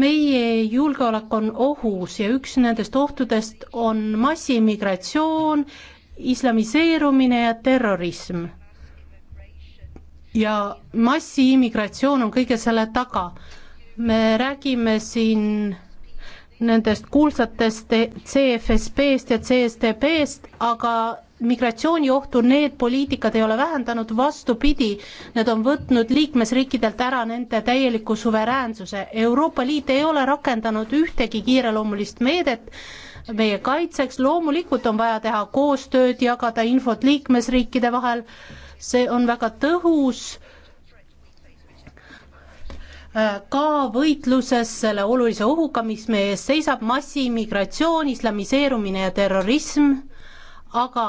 meie julgeolek on ohus ja üks nendest ohtudest on massiimmigratsioon, islamiseerumine ja terrorism. ja massiimmigratsioon on kõige selle taga. me räägime siin nendest kuulsatest CFSB-st ja CSTB-st, aga migratsiooniohtu need poliitikad ei ole vähendanud, vastupidi, need on võtnud liikmesriikidelt ära nende täieliku suveräänsuse. Euroopa Liit ei ole rakendanud ühtegi kiireloomulist meedet meie kaitseks, loomulikult on vaja teha koostööd, jagada infot liikmesriikide vahel, see on väga tõhus äh, ka võitluses selle olulise ohuga, mis meie ees seisab, massiimmigratsioon, islamiseerumine ja terrorism aga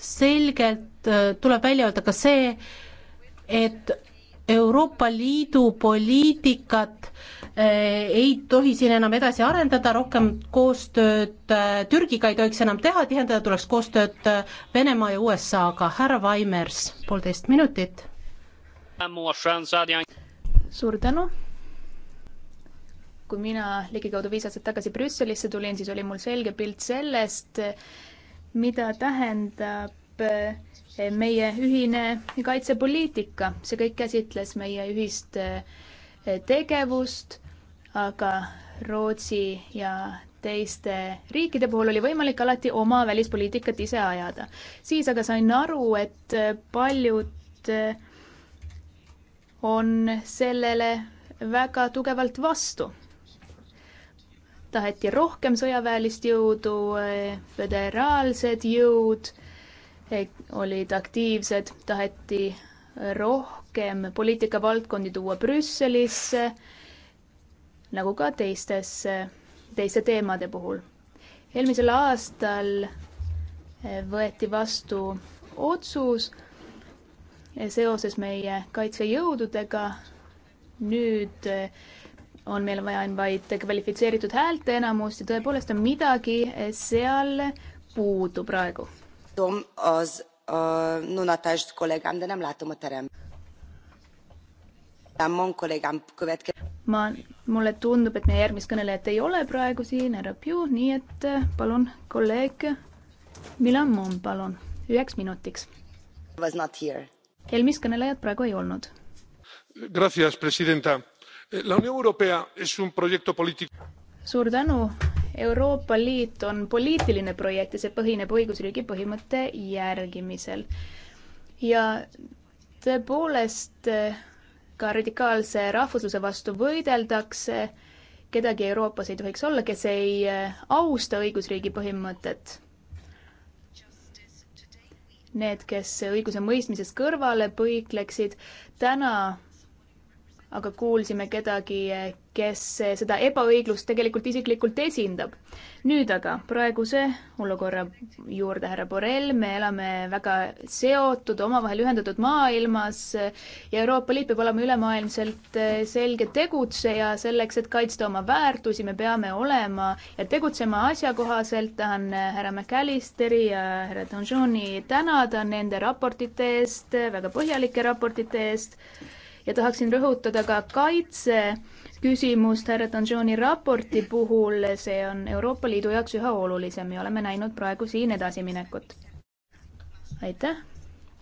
selgelt äh, tuleb välja öelda ka see, et Euroopa Liidu poliitikat äh, ei tohi siin enam edasi arendada, rohkem koostööd äh, Türgiga ei tohiks enam teha, tihendada tuleks koostööd Venemaa ja USA-ga. härra Vaimers, poolteist minutit. suur tänu. kui mina ligikaudu viis aastat tagasi Brüsselisse tulin, siis oli mul selge pilt sellest, mida tähendab eh, meie ühine kaitsepoliitika, see kõik käsitles meie ühist eh, tegevust, aga Rootsi ja teiste riikide puhul oli võimalik alati oma välispoliitikat ise ajada. siis aga sain aru, et eh, paljud on sellele väga tugevalt vastu taheti rohkem sõjaväelist jõudu, föderaalsed jõud eh, olid aktiivsed, taheti rohkem poliitikavaldkondi tuua Brüsselisse, nagu ka teistes, teiste teemade puhul. eelmisel aastal eh, võeti vastu otsus eh, seoses meie kaitsejõududega. nüüd on meil vaja vaid kvalifitseeritud häälteenamust ja tõepoolest on midagi seal puudu praegu. ma, mulle tundub, et meie järgmist kõnelejat ei ole praegu siin, härra Pju, nii et eh, palun, kolleeg Milan Moon, palun, üheks minutiks. eelmist kõnelejat praegu ei olnud. Gracias, presidenta Eh, la Unión Europea es un proyecto político. suur tänu. Euroopa Liit on poliitiline projekt ja see põhineb õigusriigi põhimõtte järgimisel. ja tõepoolest eh, ka radikaalse rahvusluse vastu võideldakse, kedagi Euroopas ei tohiks olla, kes ei eh, austa õigusriigi põhimõtet. Need, kes õigusemõistmisest kõrvale põikleksid, täna aga kuulsime kedagi, kes seda ebaõiglust tegelikult isiklikult esindab. nüüd aga praeguse olukorra juurde, härra Borrell, me elame väga seotud, omavahel ühendatud maailmas ja Euroopa Liit peab olema ülemaailmselt selge tegutseja selleks, et kaitsta oma väärtusi, me peame olema ja tegutsema asjakohaselt, tahan härra McAllisteri ja härra Donjoni tänada nende raportite eest, väga põhjalike raportite eest ja tahaksin rõhutada ka kaitseküsimust härra Donjoni raporti puhul, see on Euroopa Liidu jaoks üha olulisem ja oleme näinud praegu siin edasiminekut. aitäh,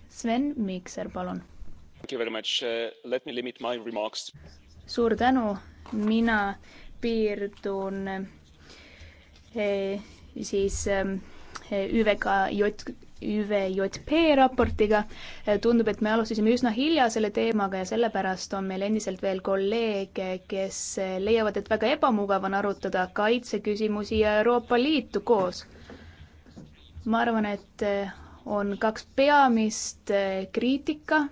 Sven Mikser, palun. Uh, suur tänu, mina piirdun eh, siis eh, ÜVKJ ÜVJP raportiga. tundub, et me alustasime üsna hilja selle teemaga ja sellepärast on meil endiselt veel kolleege, kes leiavad, et väga ebamugav on arutada kaitseküsimusi ja Euroopa Liitu koos. ma arvan, et on kaks peamist kriitika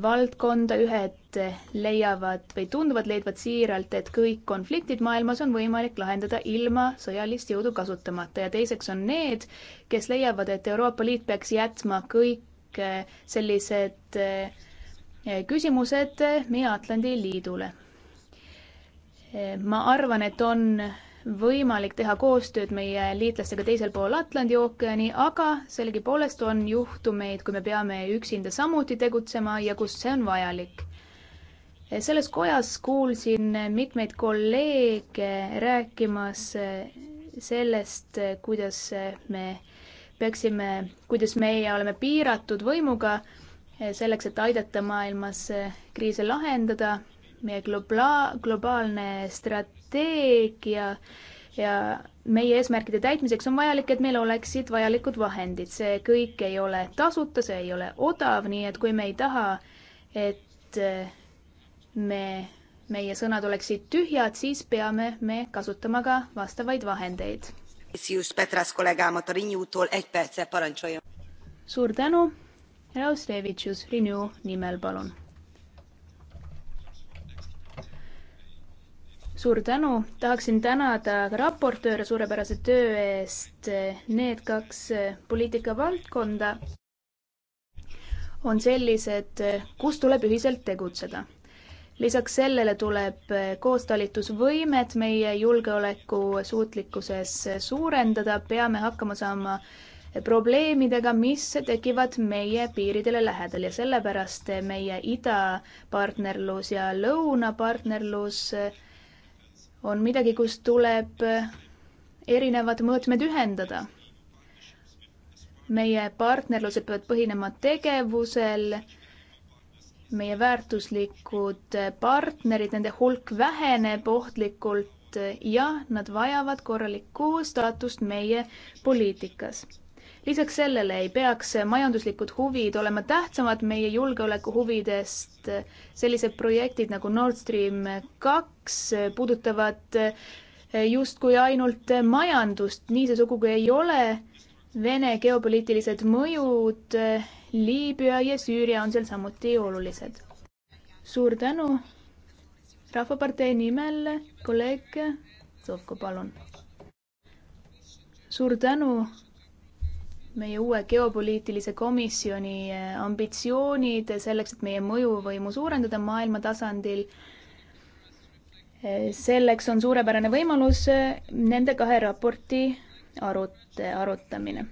valdkonda, ühed leiavad või tunduvad leidvat siiralt, et kõik konfliktid maailmas on võimalik lahendada ilma sõjalist jõudu kasutamata ja teiseks on need, kes leiavad, et Euroopa Liit peaks jätma kõik eh, sellised eh, küsimused eh, Meie-Atlandi Liidule. ma arvan, et on võimalik teha koostööd meie liitlastega teisel pool Atlandi ookeani, aga sellegipoolest on juhtumeid, kui me peame üksinda samuti tegutsema ja kus see on vajalik selles kojas kuulsin mitmeid kolleege rääkimas sellest, kuidas me peaksime, kuidas meie oleme piiratud võimuga selleks, et aidata maailmas kriise lahendada. meie globa-, globaalne strateegia ja meie eesmärkide täitmiseks on vajalik, et meil oleksid vajalikud vahendid. see kõik ei ole tasuta, see ei ole odav, nii et kui me ei taha, et me, meie sõnad oleksid tühjad, siis peame me kasutama ka vastavaid vahendeid. suur tänu, Raus Levitšus Renew nimel, palun. suur tänu, tahaksin tänada raportööre suurepärase töö eest. Need kaks poliitikavaldkonda on sellised, kus tuleb ühiselt tegutseda lisaks sellele tuleb eh, koostalitusvõimet meie julgeolekusuutlikkuses eh, suurendada, peame hakkama saama eh, probleemidega, mis tekivad meie piiridele lähedal ja sellepärast meie idapartnerlus ja lõunapartnerlus on midagi, kus tuleb erinevad mõõtmed ühendada. meie partnerlused peavad põhinema tegevusel meie väärtuslikud partnerid, nende hulk väheneb ohtlikult ja nad vajavad korralikku staatust meie poliitikas. lisaks sellele ei peaks majanduslikud huvid olema tähtsamad meie julgeolekuhuvidest. sellised projektid nagu Nord Stream kaks puudutavad justkui ainult majandust, nii see sugugi ei ole Vene geopoliitilised mõjud, eh, Liibüa ja Süüria on seal samuti olulised. suur tänu. rahvapartei nimel kolleeg Sovko, palun. suur tänu meie uue geopoliitilise komisjoni eh, ambitsioonid selleks, et meie mõjuvõimu suurendada maailma tasandil. Eh, selleks on suurepärane võimalus nende kahe raporti arut-, arutamine.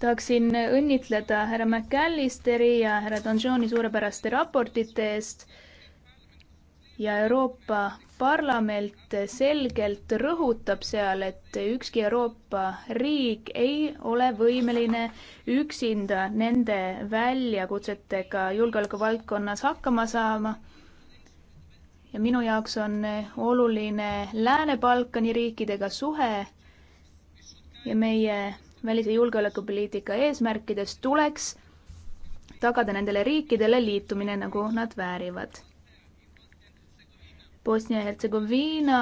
tahaksin õnnitleda härra McAllisteri ja härra Donjoni suurepäraste raportite eest ja Euroopa Parlament selgelt rõhutab seal, et ükski Euroopa riik ei ole võimeline üksinda nende väljakutsetega julgeolekuvaldkonnas hakkama saama. ja minu jaoks on oluline Lääne-Balkani riikidega suhe ja meie välis- ja julgeolekupoliitika eesmärkides tuleks tagada nendele riikidele liitumine, nagu nad väärivad. Bosnia-Hertsegoviina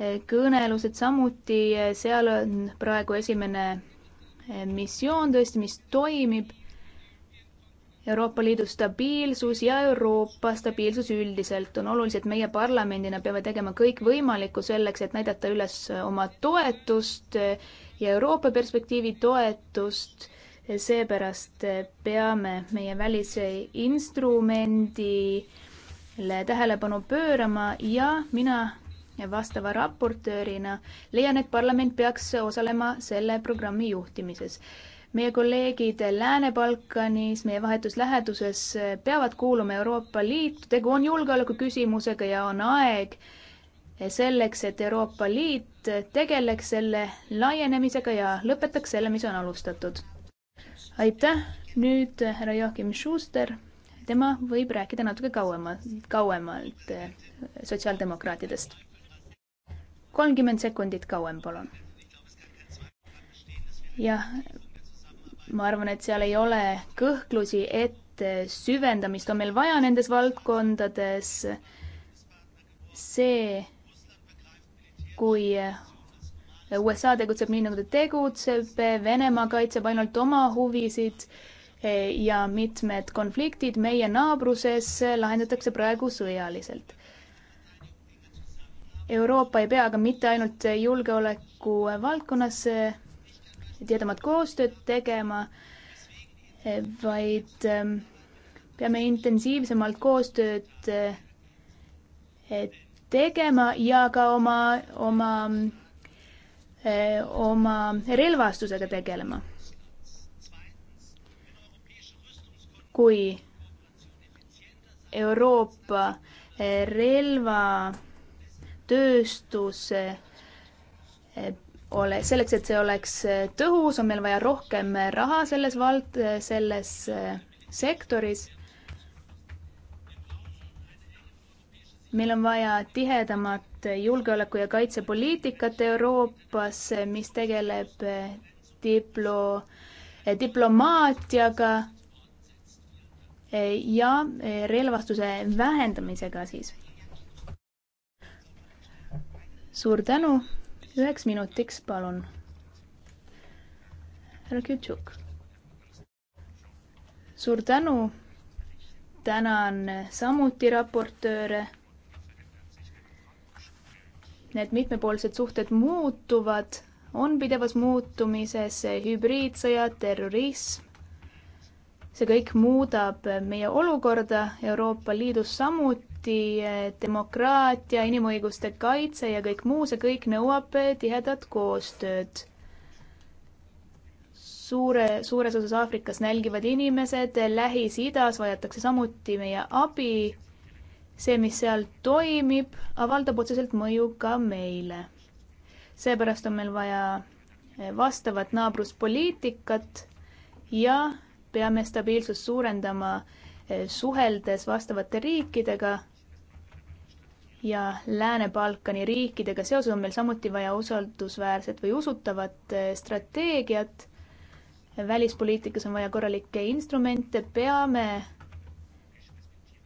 eh, kõnelused samuti, eh, seal on praegu esimene eh, missioon tõesti, mis toimib Euroopa Liidu stabiilsus ja Euroopa stabiilsus üldiselt on olulised. meie parlamendina peame tegema kõik võimalikku selleks, et näidata üles oma toetust ja Euroopa perspektiivi toetust. seepärast peame meie välise instrumendile tähelepanu pöörama ja mina vastava raportöörina leian, et parlament peaks osalema selle programmi juhtimises meie kolleegid Lääne-Balkanis, meie vahetus läheduses peavad kuuluma Euroopa Liitu, tegu on julgeolekuküsimusega ja on aeg selleks, et Euroopa Liit tegeleks selle laienemisega ja lõpetaks selle, mis on alustatud. aitäh, nüüd härra Joachim Schuster, tema võib rääkida natuke kauemalt, kauemalt sotsiaaldemokraatidest. kolmkümmend sekundit kauem, palun jah, ma arvan, et seal ei ole kõhklusi, et süvendamist on meil vaja nendes valdkondades. see, kui USA tegutseb nii, nagu ta tegutseb, Venemaa kaitseb ainult oma huvisid ja mitmed konfliktid meie naabruses lahendatakse praegu sõjaliselt. Euroopa ei pea aga mitte ainult julgeoleku valdkonnas tihedamat koostööd tegema, eh, vaid ehm, peame intensiivsemalt koostööd eh, eh, tegema ja ka oma, oma, oma relvastusega tegelema. kui Euroopa relvatööstus ole, selleks, et see oleks äh, tõhus, on meil vaja rohkem äh, raha selles vald-, äh, selles sektoris. meil on vaja tihedamat julgeoleku- ja kaitsepoliitikat Euroopas, mis tegeleb diplo-, diplomaatiaga ja relvastuse vähendamisega siis. suur tänu üheks minutiks, palun. härra Kütšuk. suur tänu. tänan samuti raportööre. Need mitmepoolsed suhted muutuvad, on pidevas muutumises, hübriidsõjad, terrorism. see kõik muudab meie olukorda Euroopa Liidus samuti samuti demokraatia, inimõiguste kaitse ja kõik muu, see kõik nõuab tihedat koostööd. suure, suures osas Aafrikas nälgivad inimesed, Lähis-Idas vajatakse samuti meie abi. see, mis seal toimib, avaldab otseselt mõju ka meile. seepärast on meil vaja vastavat naabruspoliitikat ja peame stabiilsust suurendama eh, suheldes vastavate riikidega ja Lääne-Balkani riikidega seoses on meil samuti vaja usaldusväärset või usutavat eh, strateegiat. välispoliitikas on vaja korralikke instrumente, peame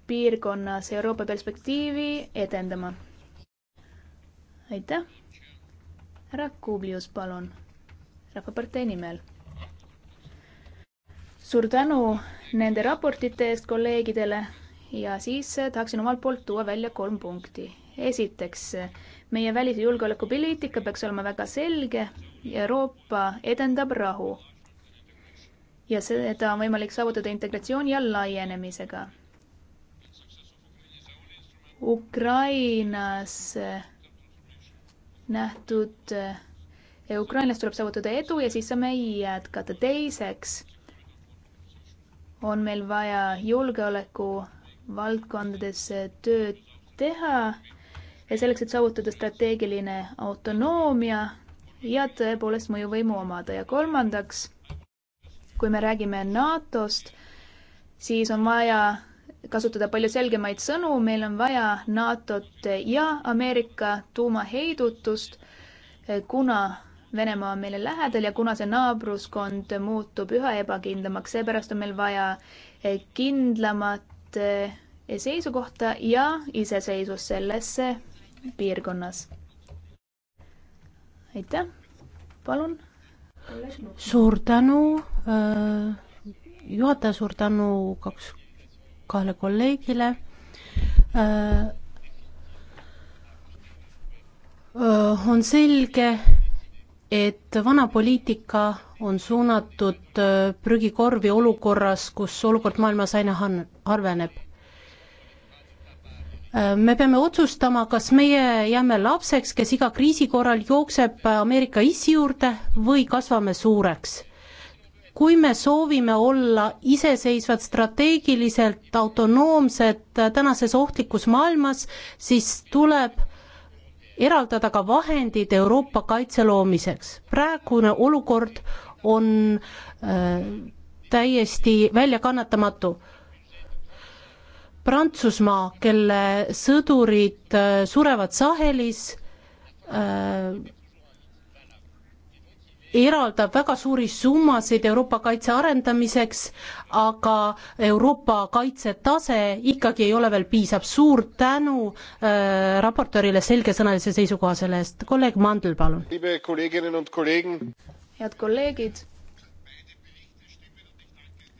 piirkonnas Euroopa perspektiivi edendama. aitäh. härra Kublius, palun, Rahvapartei nimel. suur tänu nende raportite eest kolleegidele ja siis äh, tahaksin omalt poolt tuua välja kolm punkti. esiteks, äh, meie välis- ja julgeolekupoliitika peaks olema väga selge. Euroopa edendab rahu. ja seda on võimalik saavutada integratsiooni ja laienemisega. Ukrainas äh, nähtud, Ukrainas tuleb saavutada edu ja siis saame jätkata. teiseks on meil vaja julgeoleku valdkondades tööd teha ja selleks, et saavutada strateegiline autonoomia ja tõepoolest mõjuvõimu omada. ja kolmandaks, kui me räägime NATO-st, siis on vaja kasutada palju selgemaid sõnu, meil on vaja NATO-t ja Ameerika tuumaheidutust, kuna Venemaa on meile lähedal ja kuna see naabruskond muutub üha ebakindlamaks, seepärast on meil vaja kindlamat Euroopasse seisukohta ja iseseisvust sellesse piirkonnas. aitäh, palun. suur tänu äh, juhataja, suur tänu kaks, kahele kolleegile äh, äh, on selge, et vana poliitika on suunatud äh, prügikorvi olukorras, kus olukord maailmas aina han-, halveneb. Äh, me peame otsustama, kas meie jääme lapseks, kes iga kriisi korral jookseb Ameerika issi juurde või kasvame suureks. kui me soovime olla iseseisvad, strateegiliselt autonoomsed tänases ohtlikus maailmas, siis tuleb eraldada ka vahendid Euroopa kaitse loomiseks. praegune olukord on äh, täiesti väljakannatamatu. Prantsusmaa, kelle sõdurid äh, surevad Sahelis äh,, eraldab väga suuri summasid Euroopa kaitse arendamiseks, aga Euroopa kaitsetase ikkagi ei ole veel piisav. suur tänu äh, raportöörile selgesõnalise seisukoha selle eest. kolleeg Mandl, palun. head kolleegid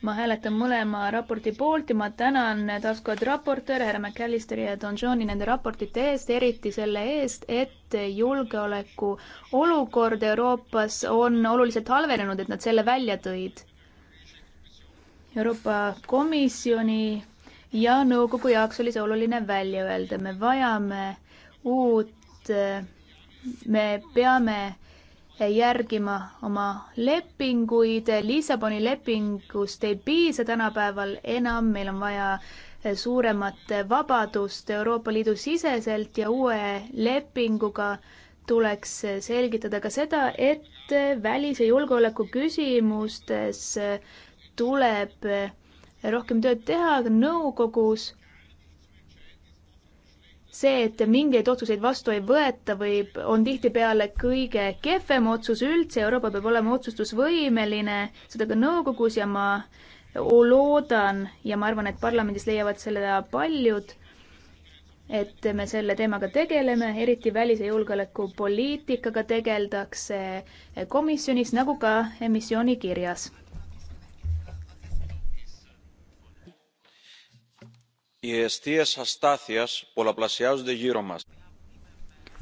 ma hääletan mõlema raporti poolt ja ma tänan taaskord raportööre härra McAllisteri ja Don Johni nende raportite eest, eriti selle eest, et julgeoleku olukord Euroopas on oluliselt halvenenud, et nad selle välja tõid. Euroopa Komisjoni ja nõukogu jaoks oli see oluline välja öelda, me vajame uut, me peame järgima oma lepinguid. Lissaboni lepingust ei piisa tänapäeval enam, meil on vaja eh, suuremat vabadust Euroopa Liidu siseselt ja uue lepinguga tuleks eh, selgitada ka seda, et eh, välis- ja julgeoleku küsimustes tuleb rohkem tööd teha nõukogus see, et mingeid otsuseid vastu ei võeta, võib, on tihtipeale kõige kehvem otsus üldse, Euroopa peab olema otsustusvõimeline, seda ka nõukogus ja ma loodan ja ma arvan, et parlamendis leiavad selle paljud, et me selle teemaga tegeleme, eriti välis- ja julgeolekupoliitikaga tegeldakse komisjonis nagu ka missioonikirjas οι αιστείες αστάθειας πολλαπλασιάζονται γύρω μας.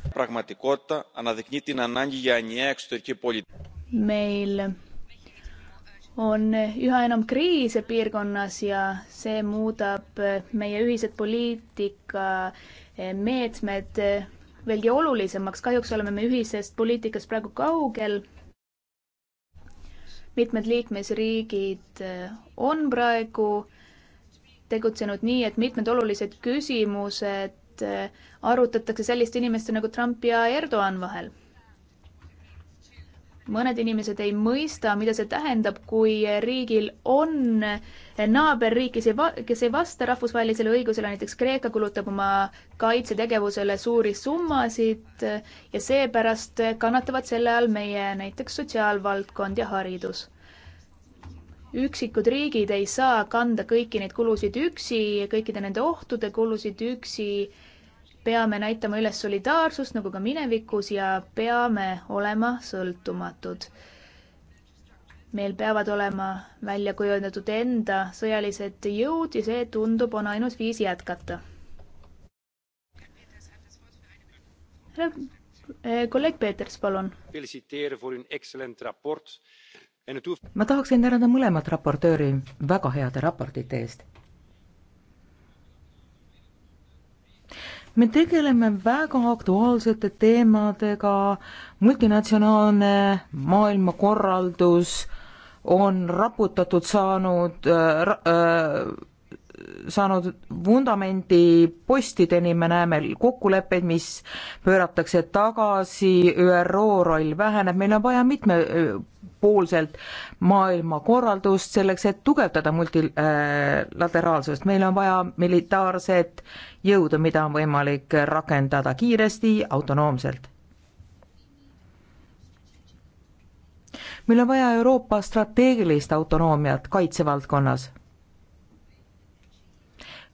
η πραγματικότητα αναδεικνύει την ανάγκη για ενιαία εξωτερική πολιτική. Meillä on yhä enam kriise piirkonnas ja see muudab meie ühised poliitikameetmed veelgi olulisemaks. kahjuks oleme me ühisest poliitikast praegu kaugel. mitmed liikmesriigid on praegu äh, tegutsenud nii, et mitmed olulised küsimused äh, arutatakse selliste inimeste nagu Trump ja Erdoğan vahel. mõned inimesed ei mõista, mida see tähendab, kui riigil on naaberriik, kes ei va-, kes ei vasta rahvusvahelisele õigusele, näiteks Kreeka kulutab oma kaitsetegevusele suuri summasid äh, ja seepärast kannatavad selle all meie näiteks sotsiaalvaldkond ja haridus üksikud riigid ei saa kanda kõiki neid kulusid üksi, kõikide nende ohtude kulusid üksi, peame näitama üles solidaarsust, nagu ka minevikus, ja peame olema sõltumatud. meil peavad olema välja kujundatud enda sõjalised jõud ja see, tundub, on ainus viis jätkata. Eh, kolleeg Peeters, palun ma tahaksin tänada mõlemat raportööri väga heade raportite eest. me tegeleme väga aktuaalsete teemadega, multinatsionaalne maailmakorraldus on raputatud saanud äh, äh, saanud vundamendi postideni, me näeme kokkuleppeid, mis pööratakse tagasi, ÜRO roll väheneb, meil on vaja mitmepoolselt maailmakorraldust selleks, et tugevdada multilateraalsust, meil on vaja militaarset jõudu, mida on võimalik rakendada kiiresti, autonoomselt. meil on vaja Euroopa strateegilist autonoomiat kaitsevaldkonnas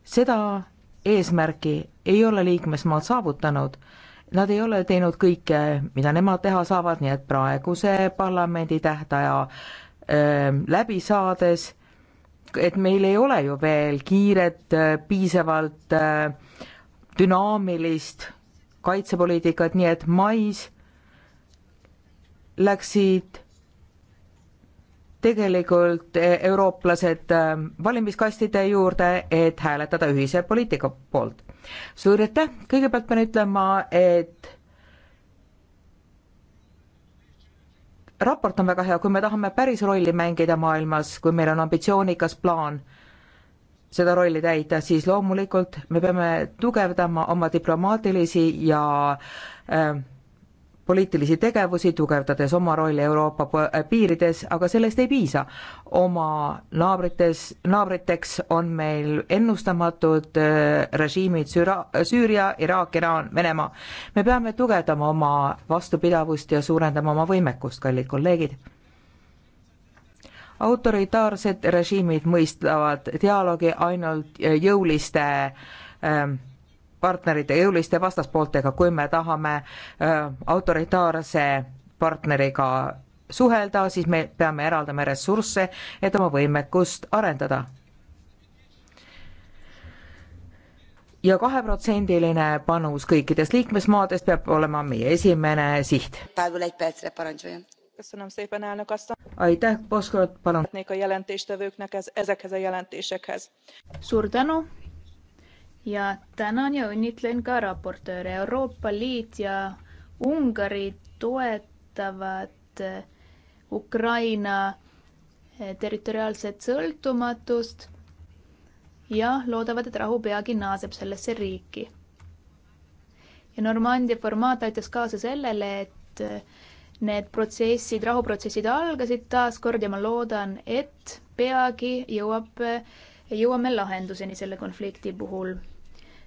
seda eesmärki ei ole liikmesmaad saavutanud, nad ei ole teinud kõike, mida nemad teha saavad, nii et praeguse parlamendi tähtaja öö, läbi saades, et meil ei ole ju veel kiiret, piisavalt öö, dünaamilist kaitsepoliitikat, nii et mais läksid tegelikult eh, eurooplased eh, valimiskastide juurde, et hääletada ühise poliitika poolt. suur aitäh, kõigepealt pean ütlema, et raport on väga hea, kui me tahame päris rolli mängida maailmas, kui meil on ambitsioonikas plaan seda rolli täita, siis loomulikult me peame tugevdama oma diplomaatilisi ja äh, poliitilisi tegevusi, tugevdades oma rolli Euroopa äh, piirides, aga sellest ei piisa. oma naabrites, naabriteks on meil ennustamatud äh, režiimid Süra-, Süüria, Iraak, Iraan, Venemaa. me peame tugevdama oma vastupidavust ja suurendama oma võimekust, kallid kolleegid autoritaarsed režiimid mõistavad dialoogi ainult jõuliste ähm, partnerite, jõuliste vastaspooltega, kui me tahame autoritaarse partneriga suhelda, siis me peame eraldama ressursse, et oma võimekust arendada ja. ja kaheprotsendiline panus kõikidest liikmesmaadest peab olema meie esimene siht. aitäh, Poskot, palun. suur tänu ja tänan ja õnnitlen ka raportööre. Euroopa Liit ja Ungari toetavad eh, Ukraina eh, territoriaalset sõltumatust ja loodavad, et rahu peagi naaseb sellesse riiki. ja Normandia formaat aitas kaasa sellele, et eh, need protsessid, rahuprotsessid algasid taas kord ja ma loodan, et peagi jõuab jõuame lahenduseni selle konflikti puhul.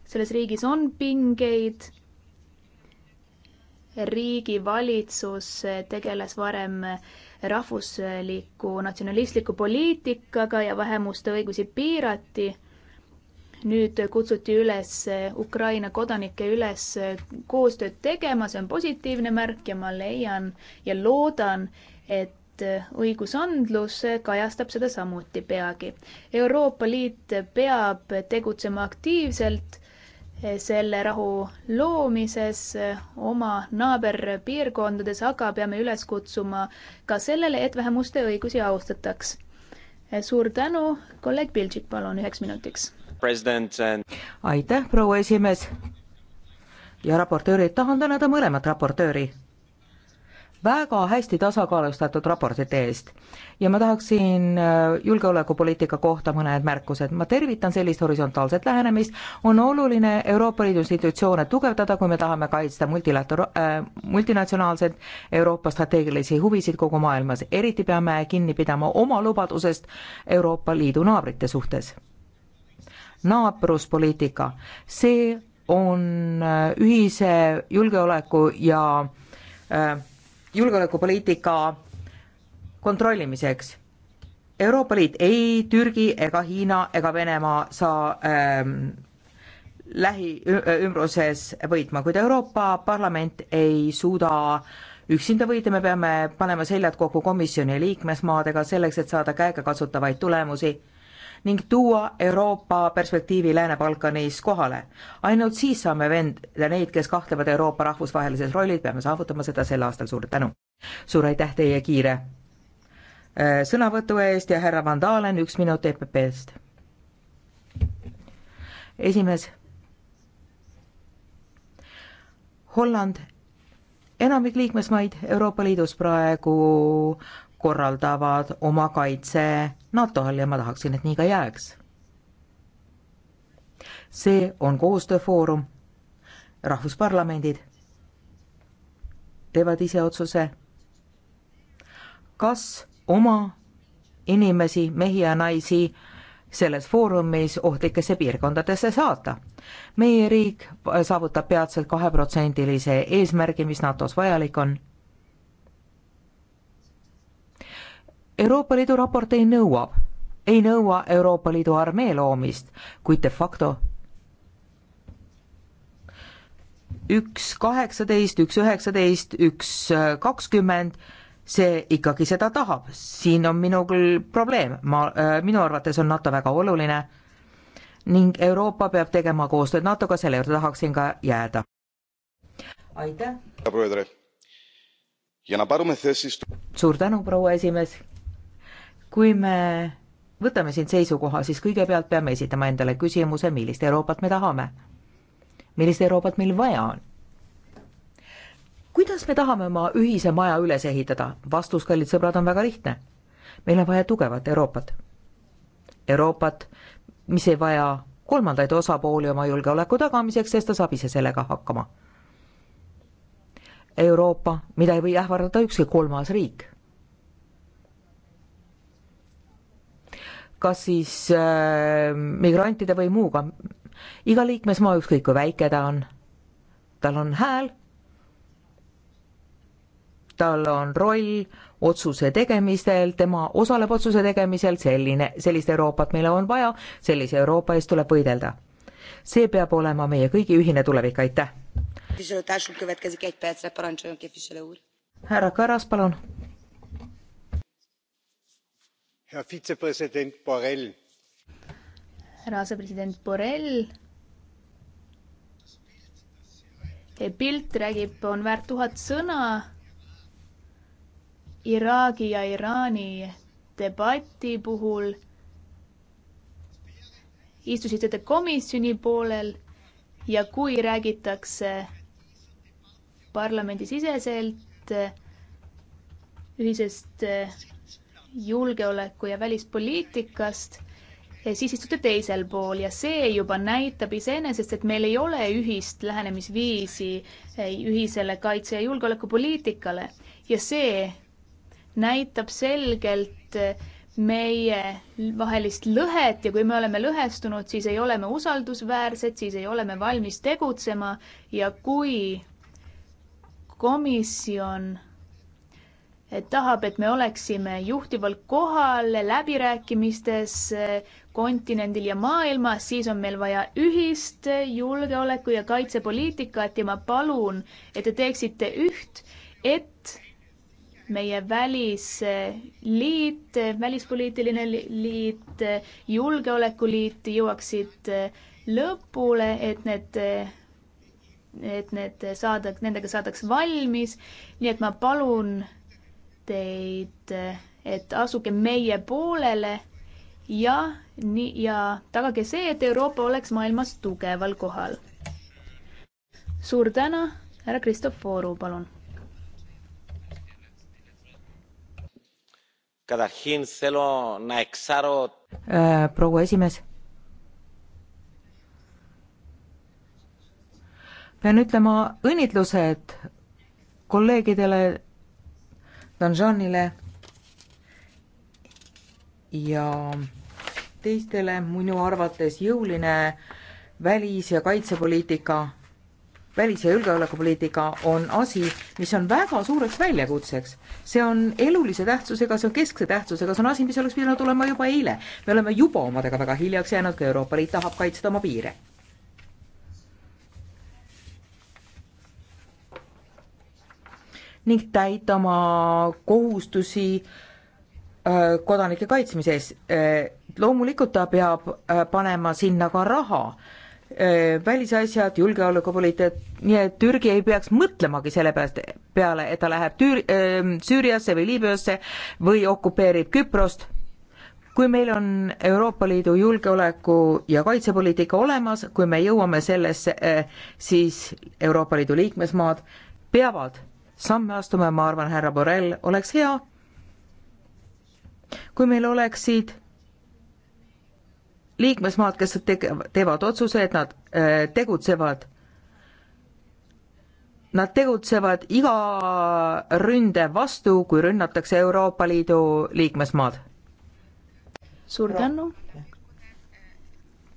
selles riigis on pingeid. riigi valitsus tegeles varem rahvusliku natsionalistliku poliitikaga ja vähemuste õigusi piirati. nüüd kutsuti üles Ukraina kodanikke üles koostööd tegema, see on positiivne märk ja ma leian ja loodan, et Liit äh, õigusandlus kajastab seda samuti peagi. Euroopa Liit peab tegutsema aktiivselt äh, selle rahu loomises äh, oma naaberpiirkondades, aga peame üles kutsuma ka sellele, et vähemuste õigusi austataks. suur tänu, kolleeg Piltšik, palun üheks minutiks. And... aitäh, proua esimees ja raportöörid, tahan tänada mõlemat raportööri väga hästi tasakaalustatud raportite eest. ja ma tahaksin äh, julgeolekupoliitika kohta mõned märkused. ma tervitan sellist horisontaalset lähenemist, on oluline Euroopa Liidu institutsioone tugevdada, kui me tahame kaitsta multilater- äh,, multinatsionaalseid Euroopa strateegilisi huvisid kogu maailmas, eriti peame kinni pidama oma lubadusest Euroopa Liidu naabrite suhtes. naabruspoliitika, see on äh, ühise julgeoleku ja äh, julgeolekupoliitika kontrollimiseks. Euroopa Liit ei Türgi ega Hiina ega Venemaa saa ähm, lähiümbruses äh, võitma, kuid Euroopa Parlament ei suuda üksinda võita, me peame panema seljad kokku komisjoni liikmesmaadega selleks, et saada käegakasutavaid tulemusi ning tuua Euroopa perspektiivi Lääne-Balkanis kohale. ainult siis saame venda neid, kes kahtlevad Euroopa rahvusvahelises rollis, peame saavutama seda sel aastal, suur tänu! suur aitäh teie kiire äh, sõnavõtu eest ja härra Van Dalen, üks minut EPP-st. esimees. Holland enamik liikmesmaid Euroopa Liidus praegu korraldavad oma kaitse NATO-l ja ma tahaksin, et nii ka jääks. see on koostööfoorum, rahvusparlamendid teevad ise otsuse, kas oma inimesi, mehi ja naisi selles foorumis ohtlikesse piirkondadesse saata. meie riik saavutab peatselt kaheprotsendilise eesmärgi, mis NATO-s vajalik on Euroopa Liidu raport ei nõuab, ei nõua Euroopa Liidu armee loomist, kuid de facto üks kaheksateist, üks üheksateist, üks äh, kakskümmend, see ikkagi seda tahab, siin on minu küll probleem, ma, äh, minu arvates on NATO väga oluline ning Euroopa peab tegema koostööd NATO-ga, selle juurde tahaksin ka jääda. aitäh! suur tänu, proua esimees! kui me võtame siin seisukoha, siis kõigepealt peame esitama endale küsimuse, millist Euroopat me tahame. millist Euroopat meil vaja on? kuidas me tahame oma ühise maja üles ehitada? vastus, kallid sõbrad, on väga lihtne. meil on vaja tugevat Euroopat. Euroopat, mis ei vaja kolmandaid osapooli oma julgeoleku tagamiseks, sest ta saab ise sellega hakkama. Euroopa, mida ei või ähvardada ükski kolmas riik kas siis äh, migrantide või muuga. iga liikmesmaa, ükskõik kui väike ta on, tal on hääl, tal on roll otsuse tegemistel, tema osaleb otsuse tegemisel, selline, sellist Euroopat meile on vaja, sellise Euroopa eest tuleb võidelda. see peab olema meie kõigi ühine tulevik, aitäh! härra Karas, palun! herr vizepräsident borrell! härra asepresident borrell! pilt räägib, on väärt tuhat sõna. Iraagi ja Iraani debati puhul istusite te komisjoni poolel ja kui räägitakse parlamendisiseselt ühisest julgeoleku ja välispoliitikast, eh, siis istute teisel pool ja see juba näitab iseenesest, et meil ei ole ühist lähenemisviisi eh, ühisele kaitse- ja julgeolekupoliitikale ja see näitab selgelt eh, meie vahelist lõhet ja kui me oleme lõhestunud, siis ei ole me usaldusväärsed, siis ei ole me valmis tegutsema ja kui komisjon et tahab, et me oleksime juhtival kohal läbirääkimistes kontinendil ja maailmas, siis on meil vaja ühist julgeoleku- ja kaitsepoliitikat ja ma palun, et te teeksite üht, et meie välisliit, välispoliitiline liit, julgeolekuliit jõuaksid lõpule, et need et need saada, nendega saadaks valmis. nii et ma palun teid, et asuge meie poolele ja nii, ja tagage see, et Euroopa oleks maailmas tugeval kohal. suur tänu, härra Kristoforu, palun. Äh, proua esimees pean ütlema õnnitlused kolleegidele Danjanile ja teistele minu arvates jõuline välis- ja kaitsepoliitika, välis- ja julgeolekupoliitika on asi, mis on väga suureks väljakutseks. see on elulise tähtsusega, see on keskse tähtsusega, see on asi, mis oleks pidanud olema juba eile. me oleme juba omadega väga hiljaks jäänud, ka Euroopa Liit tahab kaitsta oma piire ning täita oma kohustusi äh, kodanike kaitsmise ees. Äh, loomulikult ta peab äh, panema sinna ka raha, välisasjad, julgeolekupoliitikat, nii et Türgi ei peaks mõtlemagi selle peast, peale, et ta läheb Tüür-, Süüriasse või Liibüasse või okupeerib Küprost, kui meil on Euroopa Liidu julgeoleku ja kaitsepoliitika olemas, kui me jõuame sellesse, siis Euroopa Liidu liikmesmaad peavad samme astuma ja ma arvan, härra Borrell, oleks hea, kui meil oleksid liikmesmaad, kes teevad otsuse, et nad äh, tegutsevad, nad tegutsevad iga ründe vastu, kui rünnatakse Euroopa Liidu liikmesmaad. suur tänu,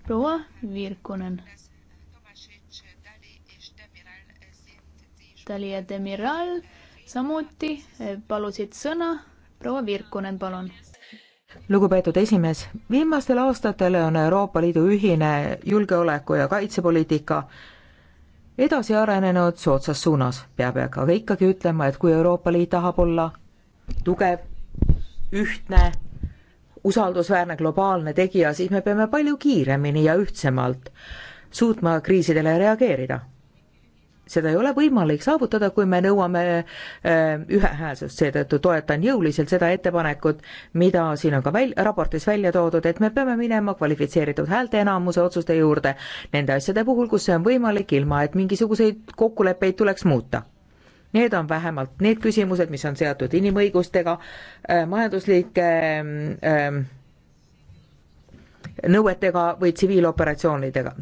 proua Virkonen Talija Demiral samuti eh, palusid sõna. proua Virkunen, palun lugupeetud esimees, viimastel aastatel on Euroopa Liidu ühine julgeoleku- ja kaitsepoliitika edasi arenenud soodsas suunas, peab aga ikkagi ütlema, et kui Euroopa Liit tahab olla tugev, ühtne, usaldusväärne globaalne tegija, siis me peame palju kiiremini ja ühtsemalt suutma kriisidele reageerida seda ei ole võimalik saavutada, kui me nõuame äh, ühehäälsust, seetõttu toetan jõuliselt seda ettepanekut, mida siin on ka väl-, raportis välja toodud, et me peame minema kvalifitseeritud häälteenamuse otsuste juurde nende asjade puhul, kus see on võimalik, ilma et mingisuguseid kokkuleppeid tuleks muuta. Need on vähemalt need küsimused, mis on seotud inimõigustega, äh, majanduslike ähm, äh, nõuetega või tsiviiloperatsioonidega.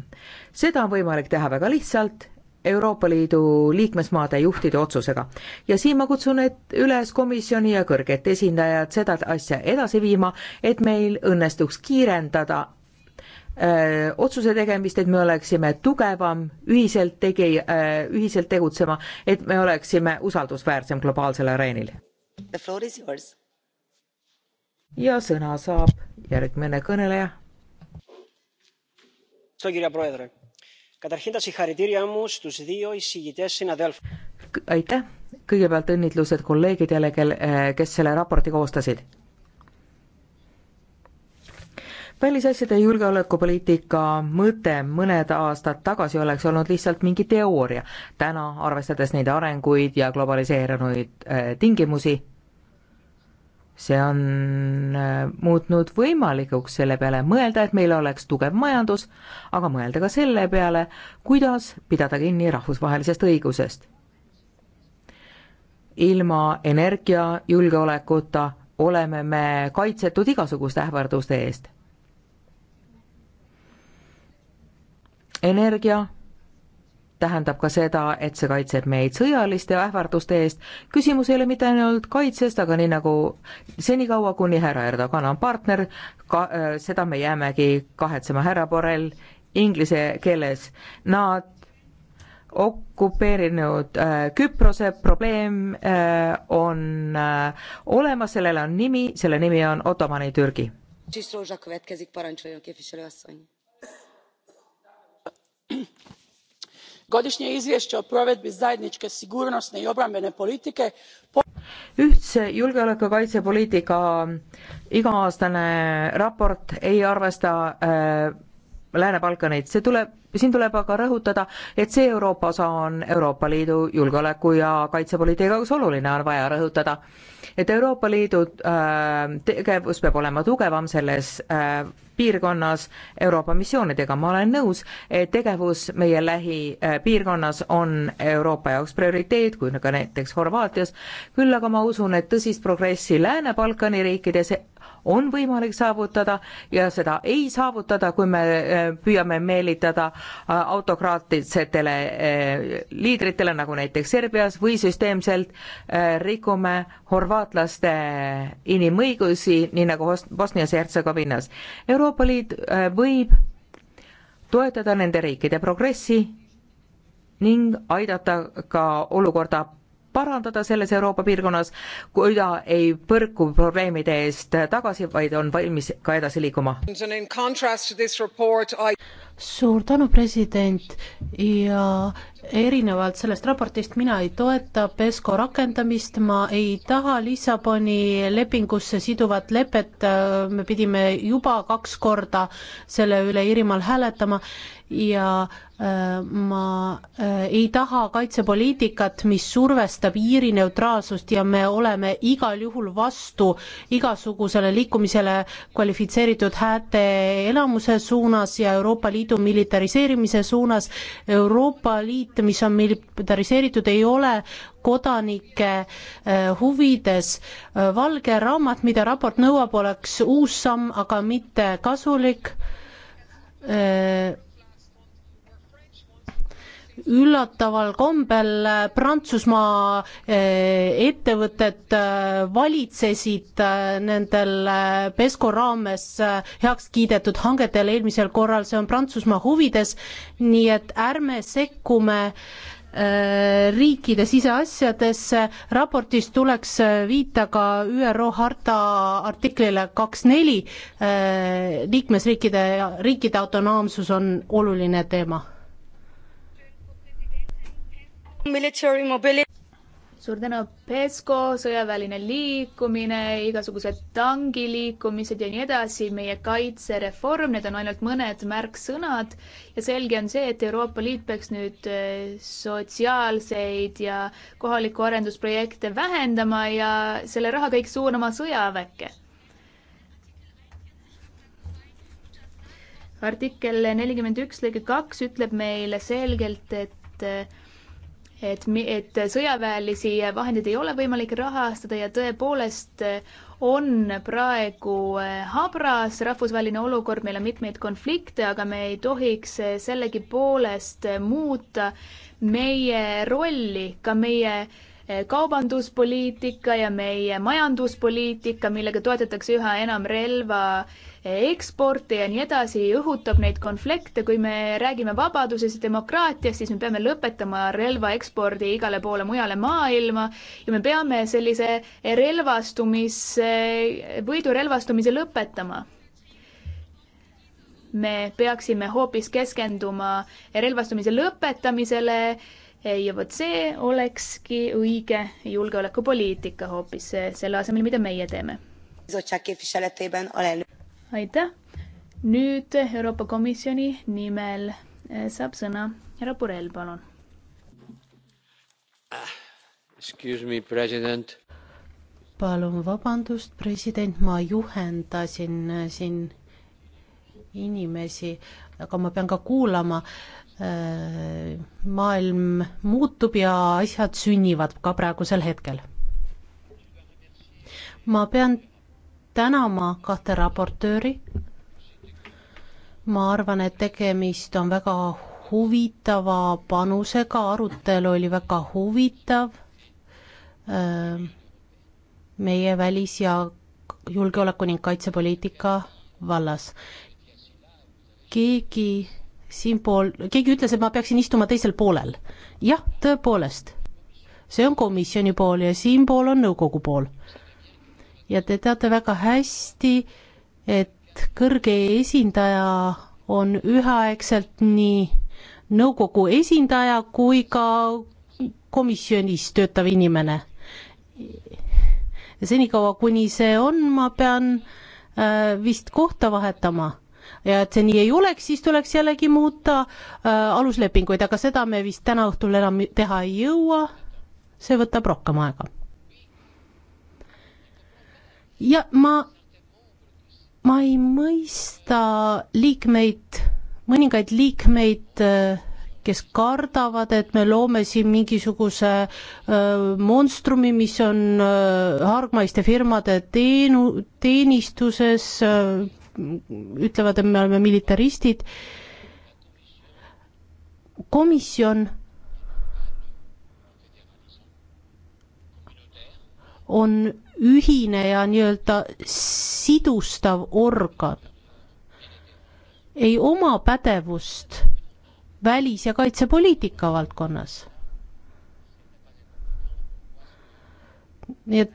seda on võimalik teha väga lihtsalt Euroopa Liidu liikmesmaade juhtide otsusega. ja siin ma kutsun et üles komisjoni ja kõrget esindajat seda asja edasi viima, et meil õnnestuks kiirendada öö, äh, otsuse tegemist, et me oleksime tugevam, ühiselt tegi, äh, ühiselt tegutsema, et me oleksime usaldusväärsem globaalsel areenil. ja sõna saab järgmine kõneleja aitäh, kõigepealt õnnitlused kolleegidele, kel, eh, kes selle raporti koostasid. välisasjade julgeolekupoliitika mõte mõned aastad tagasi oleks olnud lihtsalt mingi teooria. täna, arvestades neid arenguid ja globaliseerunud eh, tingimusi, see on äh, muutnud võimalikuks selle peale mõelda, et meil oleks tugev majandus, aga mõelda ka selle peale, kuidas pidada kinni rahvusvahelisest õigusest. ilma energiajulgeolekuta oleme me kaitsetud igasuguste ähvarduste eest. energia tähendab ka seda, et see kaitseb meid sõjaliste ähvarduste eest. küsimus ei ole mitte ainult kaitsest, aga nii nagu senikaua, kuni härra Erdogan on partner, ka äh, seda me jäämegi kahetsema, härra Borrell, inglise keeles nad okupeerinud äh, Küprose probleem äh, on äh, olemas, sellel on nimi, selle nimi on Ottomani Türgi godinje izvjee o provedbi zajednike sigurnosne i obrambene politike ühtse julgeoleku kaitsepoliitika iga-aastane raport ei arvesta äh, Lääne-Balkanit, see tuleb siin tuleb aga rõhutada, et see Euroopa osa on Euroopa Liidu julgeoleku ja kaitsepoliitika jaoks oluline, on vaja rõhutada, et Euroopa Liidu äh, tegevus peab olema tugevam selles äh, piirkonnas Euroopa missioonidega, ma olen nõus, et tegevus meie lähipiirkonnas äh, on Euroopa jaoks prioriteet, kui ka näiteks Horvaatias, küll aga ma usun, et tõsist progressi Lääne-Balkani riikides on võimalik saavutada ja seda ei saavutada, kui me püüame meelitada autokraatidsetele eh, liidritele, nagu näiteks Serbias, või süsteemselt eh, rikume horvaatlaste inimõigusi, nii nagu Bosnias ja Hertsegoviinas. Euroopa Liit eh, võib toetada nende riikide progressi ning aidata ka olukorda parandada selles Euroopa piirkonnas, kui ta ei põrku probleemide eest tagasi, vaid on valmis ka edasi liikuma. I suur tänu, president, ja erinevalt sellest raportist mina ei toeta PESCO rakendamist, ma ei taha Lissaboni lepingusse siduvat lepet, me pidime juba kaks korda selle üle Iirimaal hääletama ja äh, ma äh, ei taha kaitsepoliitikat, mis survestab Iiri neutraalsust ja me oleme igal juhul vastu igasugusele liikumisele kvalifitseeritud häälte enamuse suunas ja Euroopa Liidu Liidu militariseerimise suunas. Euroopa Liit, mis on militariseeritud, ei ole kodanike eh, huvides. valge raamat, mida raport nõuab, oleks uus samm, aga mitte kasulik eh, üllataval kombel Prantsusmaa eh, ettevõtted eh, valitsesid eh, nendel PESCO raames heaks kiidetud hangetel eelmisel korral, see on Prantsusmaa huvides, nii et ärme sekkume riikide siseasjadesse, raportis tuleks viita ka ÜRO harta artiklile kaks neli, liikmesriikide, riikide autonoomsus on oluline teema suur tänu, PESCO, sõjaväeline liikumine, igasugused tangiliikumised ja nii edasi, meie kaitsereform, need on ainult mõned märksõnad ja selge on see, et Euroopa Liit peaks nüüd eh, sotsiaalseid ja kohalikku arendusprojekte vähendama ja selle raha kõik suunama sõjaväkke artikkel nelikümmend üks lõige kaks ütleb meile selgelt, et eh, et, et sõjaväelisi vahendeid ei ole võimalik rahastada ja tõepoolest eh, on praegu eh, habras rahvusvaheline olukord, meil on mitmeid konflikte, aga me ei tohiks eh, sellegipoolest muuta meie rolli, ka meie Eh, kaubanduspoliitika ja meie majanduspoliitika, millega toetatakse üha enam relva eh, eksporti ja nii edasi, õhutab neid konflikte. kui me räägime vabadusest ja demokraatiast, siis me peame lõpetama relva ekspordi igale poole mujale maailma ja me peame sellise relvastumise, võidurelvastumise lõpetama me peaksime hoopis keskenduma relvastumise lõpetamisele, ja vot see olekski õige julgeolekupoliitika hoopis selle asemel, mida meie teeme. aitäh. nüüd Euroopa Komisjoni nimel eh, saab sõna härra Burrell, palun. Excuse me, president. palun vabandust, president, ma juhendasin eh, siin inimesi, aga ma pean ka kuulama äh, Äh, maailm muutub ja asjad sünnivad ka praegusel hetkel. ma pean tänama kahte raportööri, ma arvan, et tegemist on väga huvitava panusega, arutelu oli väga huvitav, äh, meie välis- ja julgeoleku ning kaitsepoliitika vallas. keegi siinpool, keegi ütles, et ma peaksin istuma teisel poolel. jah, tõepoolest, see on komisjoni pool ja siinpool on nõukogu pool. ja te teate väga hästi, et kõrge esindaja on üheaegselt nii nõukogu esindaja kui ka komisjonis töötav inimene. ja senikaua, kuni see on, ma pean äh, vist kohta vahetama ja et see nii ei oleks, siis tuleks jällegi muuta äh, aluslepinguid, aga seda me vist täna õhtul enam teha ei jõua, see võtab rohkem aega. ja ma, ma ei mõista liikmeid, mõningaid liikmeid äh, kes kardavad, et me loome siin mingisuguse äh, monstrumi, mis on äh, hargmaiste firmade teenu, teenistuses äh, ütlevad, et me oleme militaristid, komisjon on ühine ja nii-öelda sidustav organ. ei oma pädevust välis- ja kaitsepoliitika valdkonnas. nii et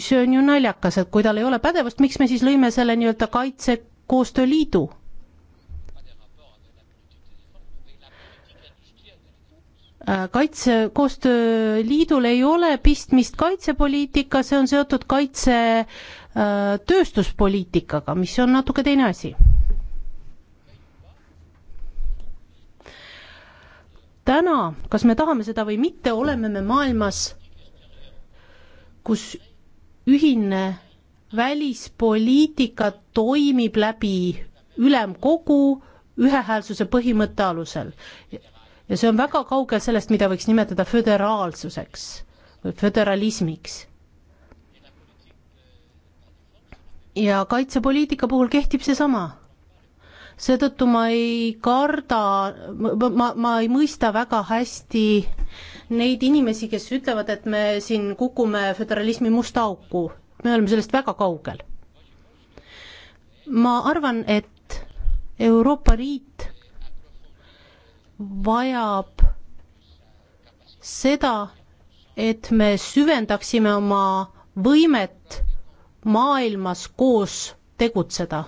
see on ju naljakas, et kui tal ei ole pädevust, miks me siis lõime selle nii-öelda kaitsekoostööliidu? Äh, kaitsekoostööliidul ei ole pistmist kaitsepoliitika, see on seotud kaitsetööstuspoliitikaga, äh, mis on natuke teine asi. täna, kas me tahame seda või mitte, oleme me maailmas, kus ühine välispoliitika toimib läbi ülemkogu ühehäälsuse põhimõtte alusel. ja see on väga kaugel sellest, mida võiks nimetada föderaalsuseks või föderalismiks. ja kaitsepoliitika puhul kehtib seesama seetõttu ma ei karda, ma, ma ei mõista väga hästi neid inimesi, kes ütlevad, et me siin kukume föderalismi musta auku. me oleme sellest väga kaugel. ma arvan, et Euroopa Liit vajab seda, et me süvendaksime oma võimet maailmas koos tegutseda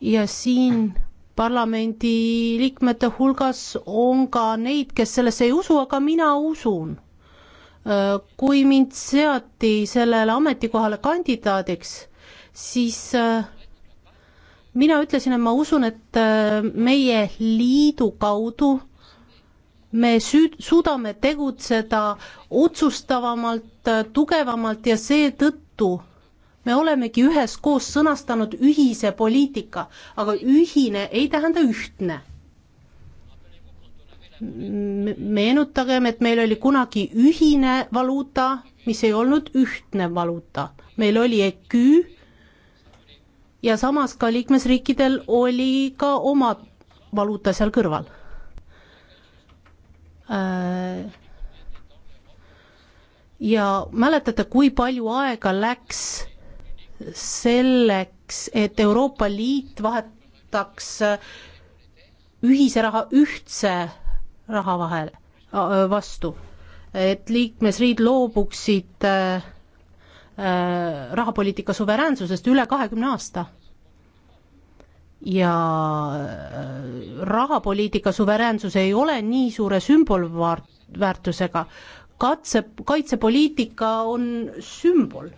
ja siin parlamendi liikmete hulgas on ka neid, kes sellesse ei usu, aga mina usun. Äh, kui mind seati sellele ametikohale kandidaadiks, siis äh, mina ütlesin, et ma usun, et äh, meie liidu kaudu me süüd-, suudame tegutseda otsustavamalt, tugevamalt ja seetõttu me olemegi üheskoos sõnastanud ühise poliitika, aga ühine ei tähenda ühtne. meenutagem, et meil oli kunagi ühine valuuta, mis ei olnud ühtne valuuta, meil oli EKÜ ja samas ka liikmesriikidel oli ka oma valuuta seal kõrval äh ja mäletate, kui palju aega läks selleks, et Euroopa Liit vahetaks ühise raha ühtse raha vahel, äh, vastu. et liikmesriigid loobuksid äh, äh, rahapoliitika suveräänsusest üle kahekümne aasta ja äh, rahapoliitika suveräänsus ei ole nii suure sümbolväärtusega, katse, kaitsepoliitika on sümbol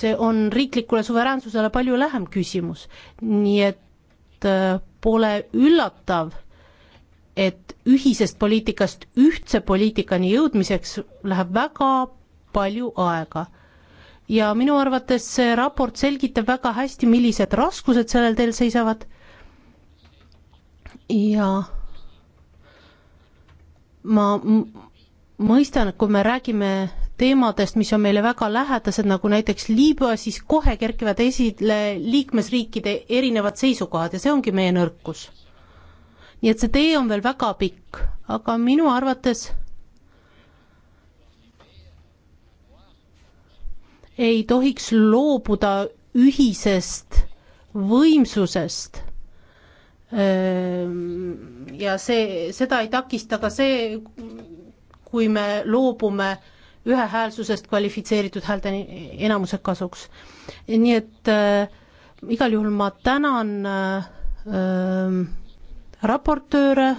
see on riiklikule suveräänsusele palju lähem küsimus, nii et äh, pole üllatav, et ühisest poliitikast ühtse poliitikani jõudmiseks läheb väga palju aega. ja minu arvates see raport selgitab väga hästi, millised raskused sellel teel seisavad ja ma mõistan, et kui me räägime teemadest, mis on meile väga lähedased, nagu näiteks Liibüa, siis kohe kerkivad esile liikmesriikide erinevad seisukohad ja see ongi meie nõrkus. nii et see tee on veel väga pikk, aga minu arvates ei tohiks loobuda ühisest võimsusest ja see, seda ei takista ka see, kui me loobume ühehäälsusest kvalifitseeritud häälte enamuse kasuks. nii et äh, igal juhul ma tänan äh, raportööre,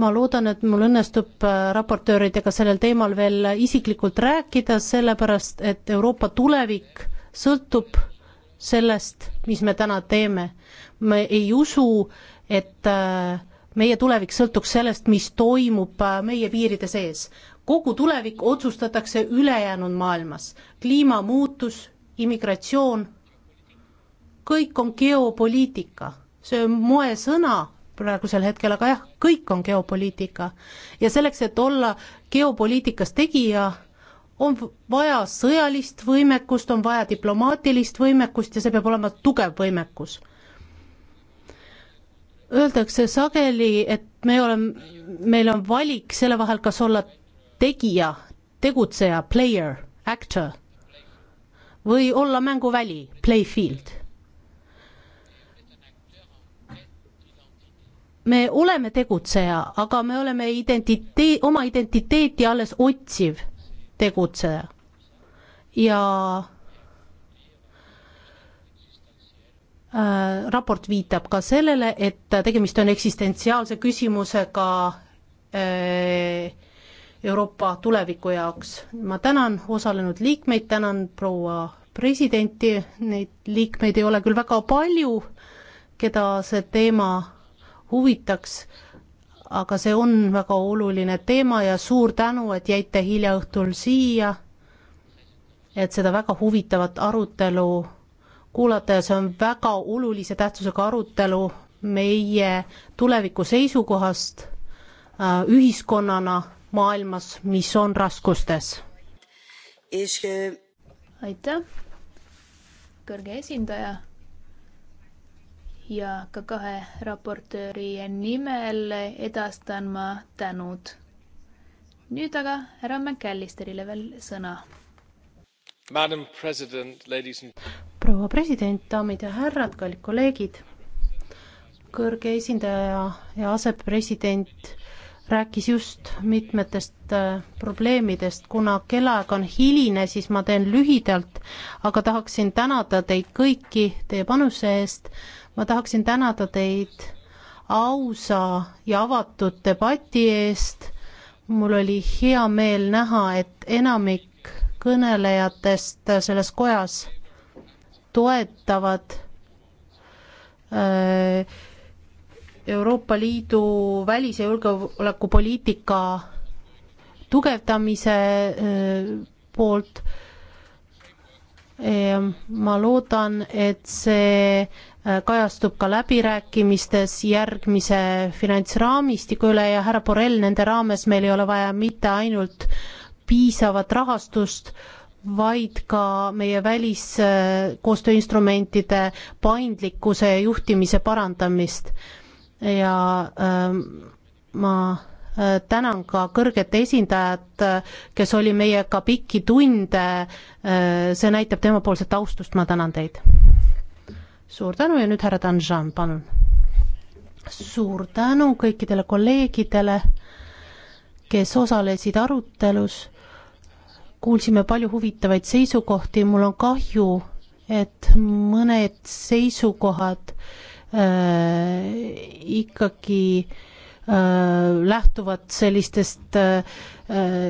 ma loodan, et mul õnnestub äh, raportööridega sellel teemal veel isiklikult rääkida, sellepärast et Euroopa tulevik sõltub sellest, mis me täna teeme. me ei usu, et äh, meie tulevik sõltuks sellest, mis toimub äh, meie piiride sees kogu tulevik otsustatakse ülejäänud maailmas. kliimamuutus, immigratsioon, kõik on geopoliitika, see on moesõna praegusel hetkel, aga jah, kõik on geopoliitika. ja selleks, et olla geopoliitikas tegija, on vaja sõjalist võimekust, on vaja diplomaatilist võimekust ja see peab olema tugev võimekus. Öeldakse sageli, et me oleme, meil on valik selle vahel, kas olla tegija, tegutseja, player, actor või olla mänguväli, playfield. me oleme tegutseja, aga me oleme identitee-, oma identiteeti alles otsiv tegutseja. ja äh, raport viitab ka sellele, et tegemist on eksistentsiaalse küsimusega äh, Euroopa tuleviku jaoks. ma tänan osalenud liikmeid, tänan proua presidenti, neid liikmeid ei ole küll väga palju, keda see teema huvitaks, aga see on väga oluline teema ja suur tänu, et jäite hilja õhtul siia, et seda väga huvitavat arutelu kuulata ja see on väga olulise tähtsusega arutelu meie tuleviku seisukohast äh, ühiskonnana maailmas, mis on raskustes. aitäh, kõrge esindaja ja ka kahe raportööri nimel edastan ma tänud. nüüd aga härra McAllisterile veel sõna. proua president, daamid ja härrad, kallid kolleegid, kõrge esindaja ja asepresident rääkis just mitmetest äh, probleemidest, kuna kellaaeg on hiline, siis ma teen lühidalt, aga tahaksin tänada teid kõiki teie panuse eest, ma tahaksin tänada teid ausa ja avatud debati eest, mul oli hea meel näha, et enamik kõnelejatest selles kojas toetavad öö, äh, Euroopa Liidu välis- ja julgeolekupoliitika tugevdamise äh, poolt. ma loodan, et see äh, kajastub ka läbirääkimistes järgmise finantsraamistiku üle ja härra Borrell, nende raames meil ei ole vaja mitte ainult piisavat rahastust, vaid ka meie väliskoostööinstrumentide paindlikkuse ja juhtimise parandamist ja ähm, ma äh, tänan ka kõrget esindajat, kes oli meiega pikki tunde, äh, see näitab temapoolset austust, ma tänan teid. suur tänu ja nüüd härra Danjan, palun. suur tänu kõikidele kolleegidele, kes osalesid arutelus, kuulsime palju huvitavaid seisukohti, mul on kahju, et mõned seisukohad äh, Äh, ikkagi äh, lähtuvad sellistest äh,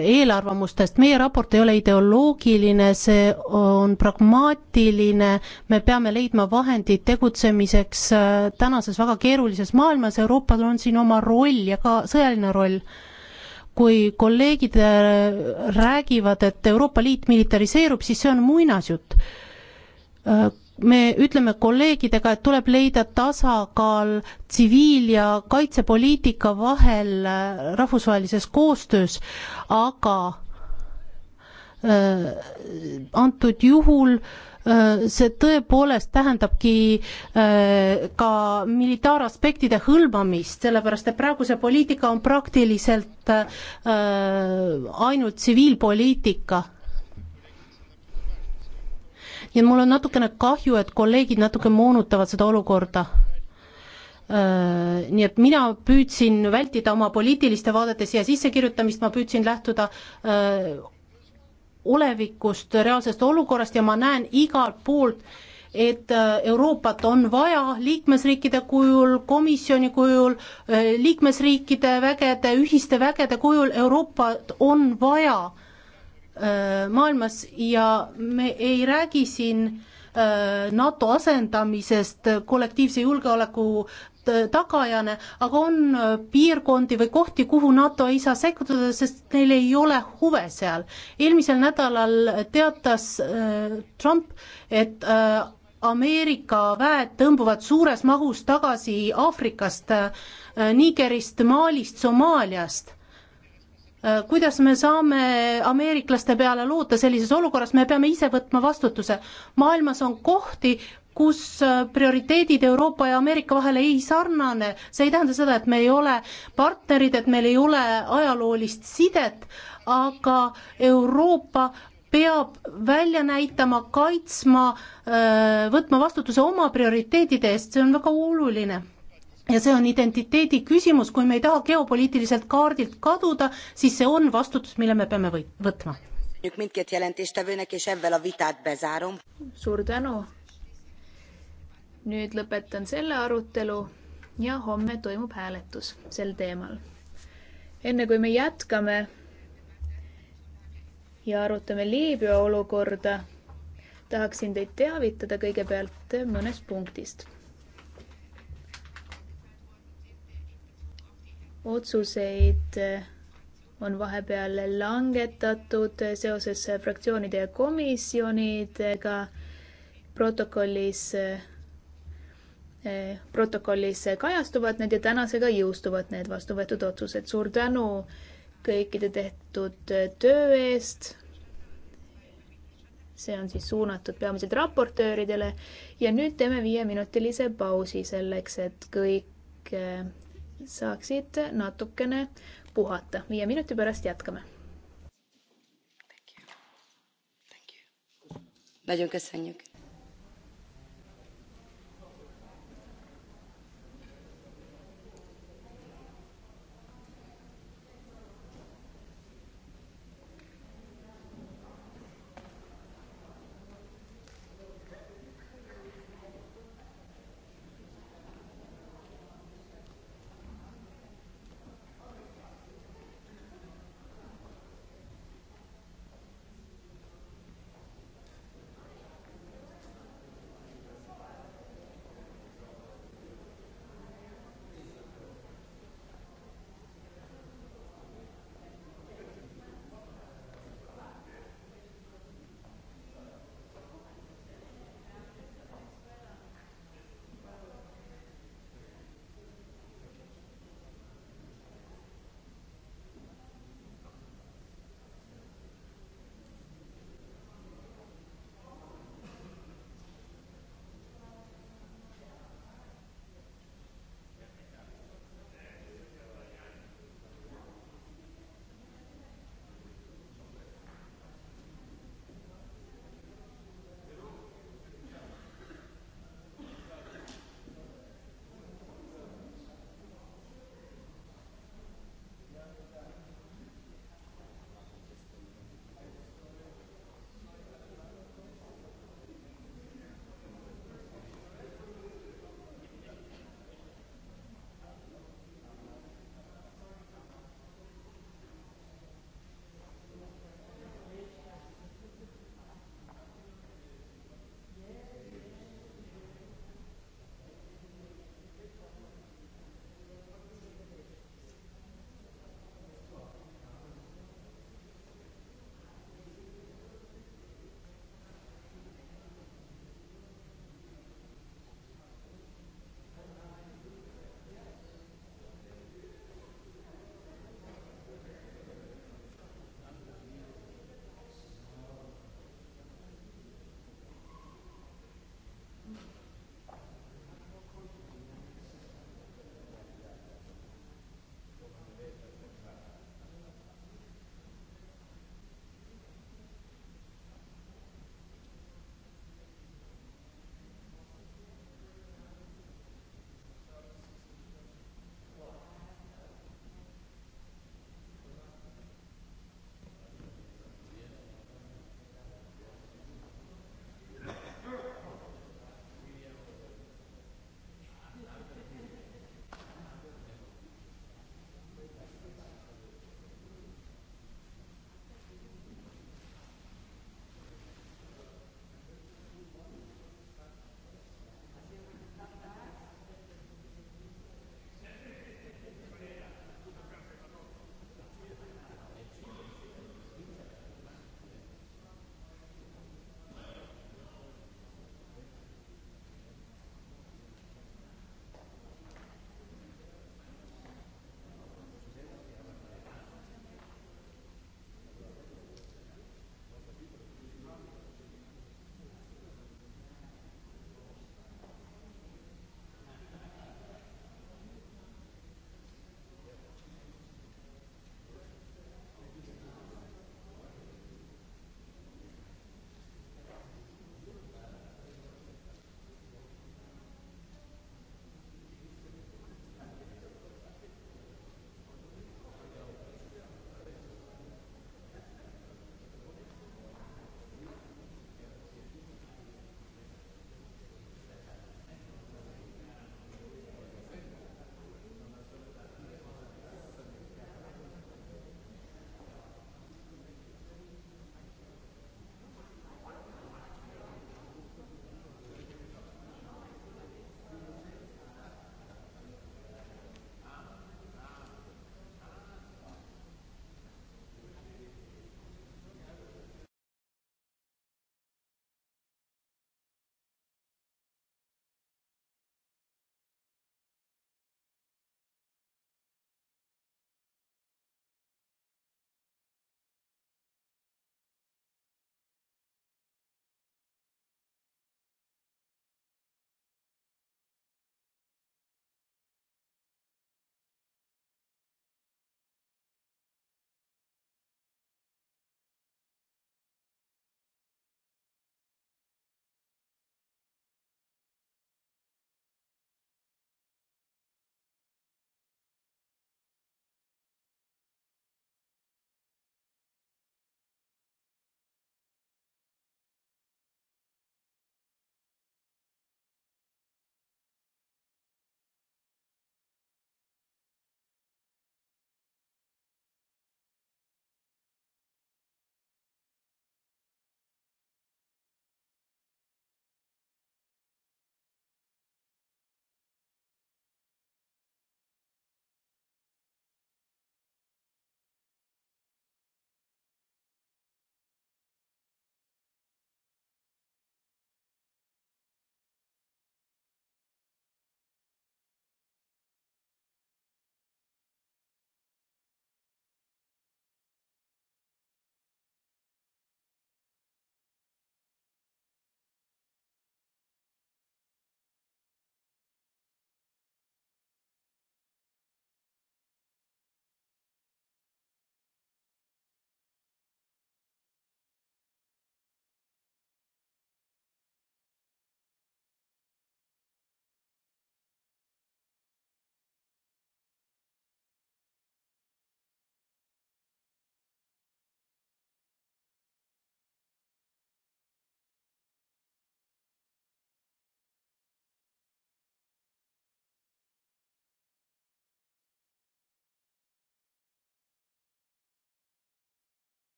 eelarvamustest, meie raport ei ole ideoloogiline, see on pragmaatiline, me peame leidma vahendid tegutsemiseks tänases väga keerulises maailmas, Euroopal on siin oma roll ja ka sõjaline roll kui kolleegid räägivad, et Euroopa Liit militariseerub, siis see on muinasjutt me ütleme kolleegidega, et tuleb leida tasakaal tsiviil- ja kaitsepoliitika vahel äh, rahvusvahelises koostöös, aga äh, antud juhul äh, see tõepoolest tähendabki äh, ka militaaraspektide hõlmamist, sellepärast et praegu see poliitika on praktiliselt äh, äh, ainult tsiviilpoliitika ja mul on natukene kahju, et kolleegid natuke moonutavad seda olukorda. Äh, nii et mina püüdsin vältida oma poliitiliste vaadete siia sissekirjutamist, ma püüdsin lähtuda äh, olevikust, reaalsest olukorrast ja ma näen igalt poolt, et äh, Euroopat on vaja liikmesriikide kujul, komisjoni kujul, liikmesriikide vägede, ühiste vägede kujul, Euroopat on vaja Äh, maailmas ja me ei räägi siin äh, NATO asendamisest kollektiivse julgeoleku tagajana, aga on äh, piirkondi või kohti, kuhu NATO ei saa sekkuda, sest neil ei ole huve seal. eelmisel nädalal teatas Trump, et Ameerika väed tõmbuvad suures mahus tagasi Aafrikast, Nigerist, Malist, Somaaliast Äh, kuidas me saame ameeriklaste peale loota sellises olukorras, me peame ise võtma vastutuse. maailmas on kohti, kus äh, prioriteedid Euroopa ja Ameerika vahel ei sarnane, see ei tähenda seda, et me ei ole partnerid, et meil ei ole ajaloolist sidet, aga Euroopa peab välja näitama, kaitsma, äh, võtma vastutuse oma prioriteedide eest, see on väga oluline ja see on identiteedi küsimus, kui me ei taha geopoliitiliselt kaardilt kaduda, siis see on vastutus, mille me peame võit-, võtma. suur tänu. nüüd lõpetan selle arutelu ja homme toimub hääletus sel teemal. enne kui me jätkame ja arutame Liibüa olukorda, tahaksin teid teavitada kõigepealt mõnest punktist otsuseid eh, on vahepeal langetatud seoses fraktsioonide ja komisjonidega protokollis, eh, eh, protokollis kajastuvad need ja tänasega jõustuvad need vastu võetud otsused. suur tänu kõikide tehtud töö eest. see on siis suunatud peamiselt raportööridele ja nüüd teeme viieminutilise pausi selleks, et kõik saaksid natukene puhata. viie minuti pärast jätkame. Nagyon köszönjük!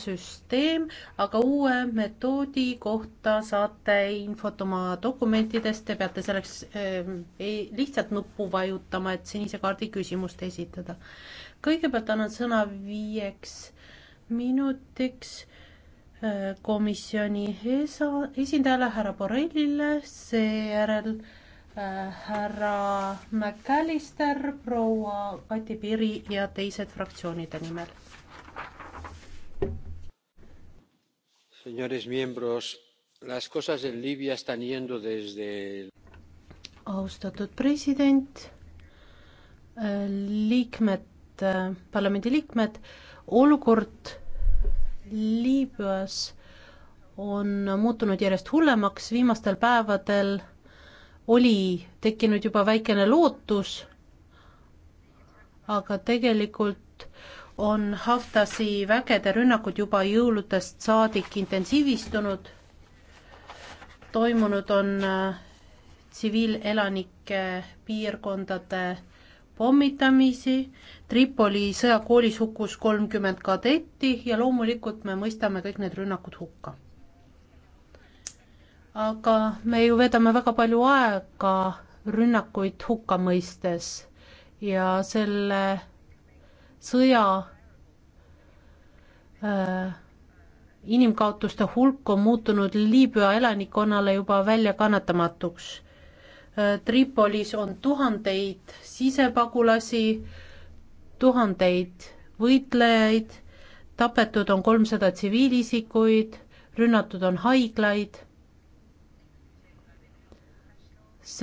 süsteem, aga uue metoodi kohta saate infot oma dokumentidest, te peate selleks äh, lihtsalt nuppu vajutama, et sinise kaardi küsimust esitada. kõigepealt annan sõna viieks minutiks äh, komisjoni esa, esindajale härra Borrellile, seejärel äh, härra McAllister, proua Kati Piri ja teised fraktsioonide nimel señores miembros, las cosas en Libia están yendo desde. austatud president, eh, liikmed, eh, parlamendiliikmed, olukord Liibüas on muutunud järjest hullemaks, viimastel päevadel oli tekkinud juba väikene lootus, aga tegelikult on Haftasi vägede rünnakud juba jõuludest saadik intensiivistunud, toimunud on äh, tsiviilelanike piirkondade pommitamisi, Tripoli sõjakoolis hukkus kolmkümmend kadetti ja loomulikult me mõistame kõik need rünnakud hukka. aga me ju veedame väga palju aega rünnakuid hukka mõistes ja selle sõja äh, inimkaotuste hulk on muutunud Liibüa elanikkonnale juba väljakannatamatuks äh,. Tripolis on tuhandeid sisepagulasi, tuhandeid võitlejaid, tapetud on kolmsada tsiviilisikuid, rünnatud on haiglaid